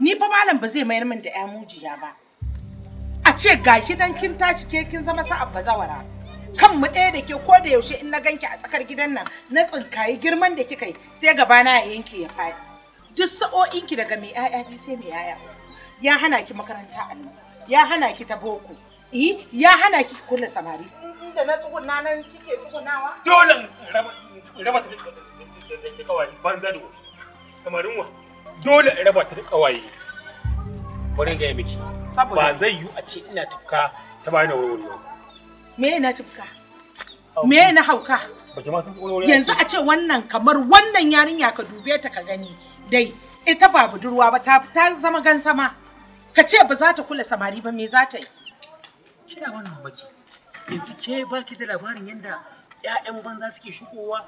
ni fa malam ba zai mayar min da ya mujiya ba a ce ga gidan kin tashi ke kin zama sa'ab bazawara kan mu ɗaya da ke ko da yaushe in na ganki a tsakar gidan nan na tsinkayi girman da kika yi sai gaba na ya yanke ya fa duk ki daga mai 'ya'ya bi sai mai 'ya'ya ya hana ki makaranta allo ya hana ki ta boko Eh, ya hana ki kula samari. Inda na tsuguna nan kike tsugunawa? Dole raba raba ta kawai banza da Samarin wa. dole in raba ta da kawaye Wani ga miki ba zai yi a ce ina tufka ta bayan warware me na tufka me na hauka sun yanzu a ce wannan kamar wannan yarinya ka dube ta ka gani dai ita ba budurwa ba ta zama gansama ka ce ba za ta kula samari ba me za ta yi kina wannan baki yanzu ke baki da labarin yadda 'ya'yan banza suke shigowa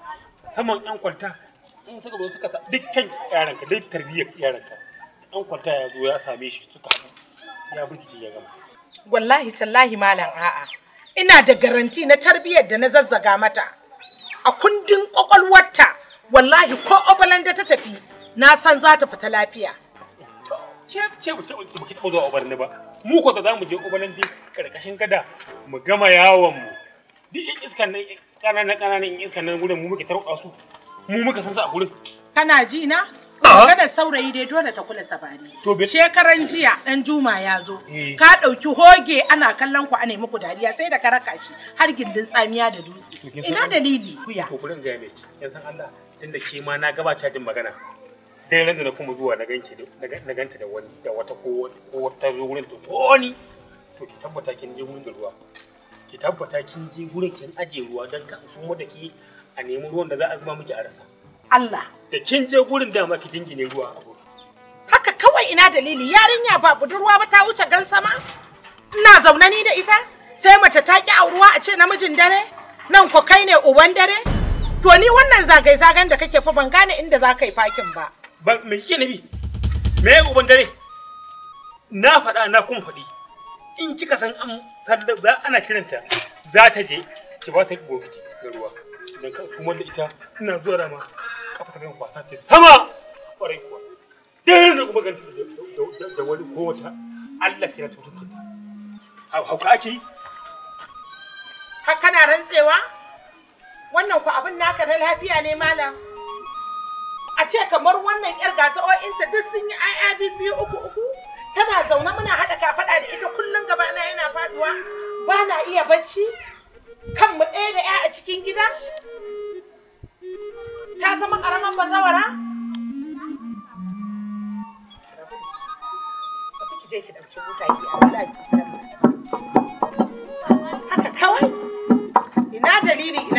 saman 'yan kwalta in suka zo suka sa duk kyan yaranka duk tarbiyyar yaranka an kwalta ya zo ya same shi suka haɗu ya burkice ya gama wallahi tallahi malam a'a ina da garanti na tarbiyyar da na zazzaga mata a kundin kwakwalwarta wallahi ko obalanda ta tafi na san za ta fita lafiya ce ba ki taɓa zuwa obalanda ba mu ko za mu je obalanda karkashin gada mu gama yawon mu duk iskan nan ƙananan ƙananan iskan nan gudan mu muke tarƙa su mu muka san sa a gurin kana ji na kada saurayi dai dole ta kula sabani shekaran jiya dan juma ya zo eh. ka dauki hoge ana kallon ku ana muku dariya sai da ka raka shi har gindin tsamiya da dutse ina dalili kuya to kurin ga yan san Allah tunda ke ma na gaba ta jin magana dan ran na kuma zuwa na ganki na ganta da wani da wata ko wata zo wurin to ni to ki tabbata kin je gurin da ruwa ki tabbata kin je gurin kin aje ruwa dan kan su mu da ki a nemi ruwan da za a zuba miki a rasa Allah da kin je gurin dama ki jingine ruwa a gurin haka kawai ina dalili yarinya ba budurwa ba ta wuce gan sama ina zaune ni da ita sai mace ta ki auruwa a ce namijin dare nan ko kai ne uban dare to ni wannan zagai zagan da kake fa ban gane inda za ka yi fakin ba ba me kike nabi me uban dare na faɗa na kun faɗi in kika san an ana kiranta za ta je ki ba ta bokiti da ruwa nan ka sumar ita ina zuwa da ma kafa ta kan kwasa ta sama kwarai kuwa dai na kuma ganta da wani ko wata Allah sai ya tutunce ta hauka ake yi ka kana rantsewa wannan ku abin naka na lafiya ne malam a ce kamar wannan yar gasa o'inta duk sun yi ai biyu uku uku tana zaune muna haɗa kafaɗa da ita kullum gaba na yana faduwa ba na iya bacci kan mu ɗaya da 'ya a cikin gida ta zama ƙaramin bazawara? Haka kawai? Ina dalili ina